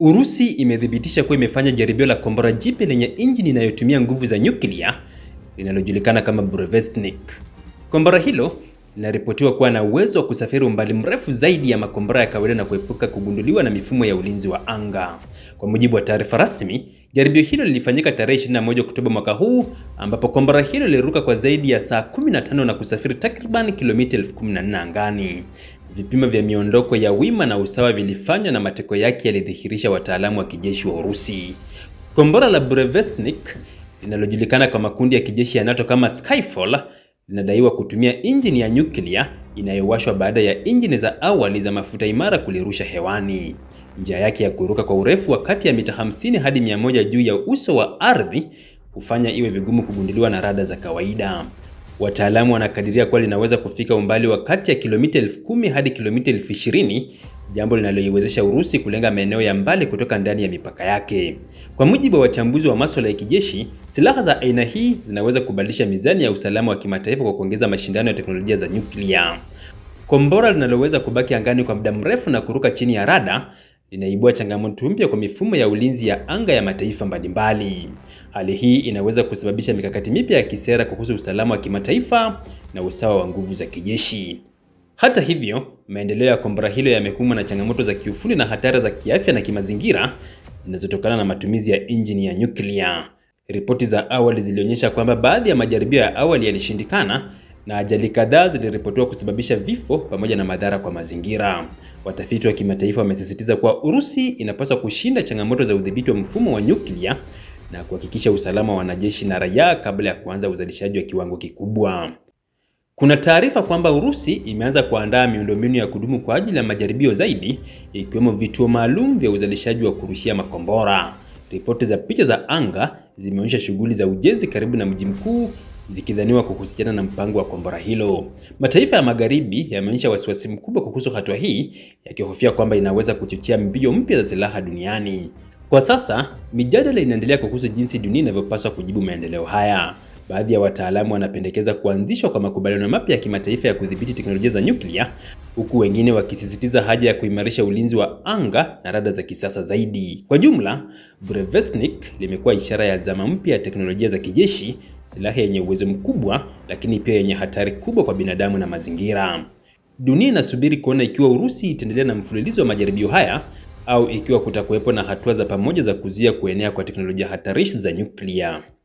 Urusi imethibitisha kuwa imefanya jaribio la kombora jipya lenye injini inayotumia nguvu za nyuklia linalojulikana kama Burevestnik. Kombora hilo linaripotiwa kuwa na uwezo wa kusafiri umbali mrefu zaidi ya makombora ya kawaida na kuepuka kugunduliwa na mifumo ya ulinzi wa anga. Kwa mujibu wa taarifa rasmi, jaribio hilo lilifanyika tarehe 21 Oktoba mwaka huu, ambapo kombora hilo liliruka kwa zaidi ya saa 15 na kusafiri takriban kilomita 14 angani. Vipimo vya miondoko ya wima na usawa vilifanywa na mateko yake yalidhihirisha wataalamu wa kijeshi wa Urusi. Kombora la Burevestnik linalojulikana kwa makundi ya kijeshi ya NATO kama Skyfall linadaiwa kutumia injini ya nyuklia inayowashwa baada ya injini za awali za mafuta imara kulirusha hewani. Njia yake ya kuruka kwa urefu wa kati ya mita 50 hadi 100 juu ya uso wa ardhi hufanya iwe vigumu kugunduliwa na rada za kawaida. Wataalamu wanakadiria kuwa linaweza kufika umbali wa kati ya kilomita elfu kumi hadi kilomita elfu ishirini jambo linaloiwezesha Urusi kulenga maeneo ya mbali kutoka ndani ya mipaka yake. Kwa mujibu wa wachambuzi wa masuala ya kijeshi, silaha za aina hii zinaweza kubadilisha mizani ya usalama wa kimataifa kwa kuongeza mashindano ya teknolojia za nyuklia. Kombora linaloweza kubaki angani kwa muda mrefu na kuruka chini ya rada linaibua changamoto mpya kwa mifumo ya ulinzi ya anga ya mataifa mbalimbali. Hali hii inaweza kusababisha mikakati mipya ya kisera kuhusu usalama wa kimataifa na usawa wa nguvu za kijeshi. Hata hivyo, maendeleo ya kombora hilo yamekumbwa na changamoto za kiufundi na hatari za kiafya na kimazingira zinazotokana na matumizi ya injini ya nyuklia. Ripoti za awali zilionyesha kwamba baadhi ya majaribio ya awali yalishindikana na ajali kadhaa ziliripotiwa kusababisha vifo pamoja na madhara kwa mazingira. Watafiti wa kimataifa wamesisitiza kuwa Urusi inapaswa kushinda changamoto za udhibiti wa mfumo wa nyuklia na kuhakikisha usalama wa wanajeshi na raia kabla ya kuanza uzalishaji wa kiwango kikubwa. Kuna taarifa kwamba Urusi imeanza kuandaa miundombinu ya kudumu kwa ajili ya majaribio zaidi, ikiwemo vituo maalum vya uzalishaji wa kurushia makombora. Ripoti za picha za anga zimeonyesha shughuli za ujenzi karibu na mji mkuu zikidhaniwa kuhusiana na mpango wa kombora hilo. Mataifa ya Magharibi yameonyesha wasiwasi mkubwa kuhusu hatua hii, yakihofia kwamba inaweza kuchochea mbio mpya za silaha duniani. Kwa sasa, mijadala inaendelea kuhusu jinsi dunia inavyopaswa kujibu maendeleo haya. Baadhi ya wataalamu wanapendekeza kuanzishwa kwa makubaliano mapya ya kimataifa ya kudhibiti teknolojia za nyuklia, huku wengine wakisisitiza haja ya kuimarisha ulinzi wa anga na rada za kisasa zaidi. Kwa jumla, Brevesnik limekuwa ishara ya zama mpya ya teknolojia za kijeshi, silaha yenye uwezo mkubwa, lakini pia yenye hatari kubwa kwa binadamu na mazingira. Dunia inasubiri kuona ikiwa Urusi itaendelea na mfululizo wa majaribio haya au ikiwa kutakuwepo na hatua za pamoja za kuzuia kuenea kwa teknolojia hatarishi za nyuklia.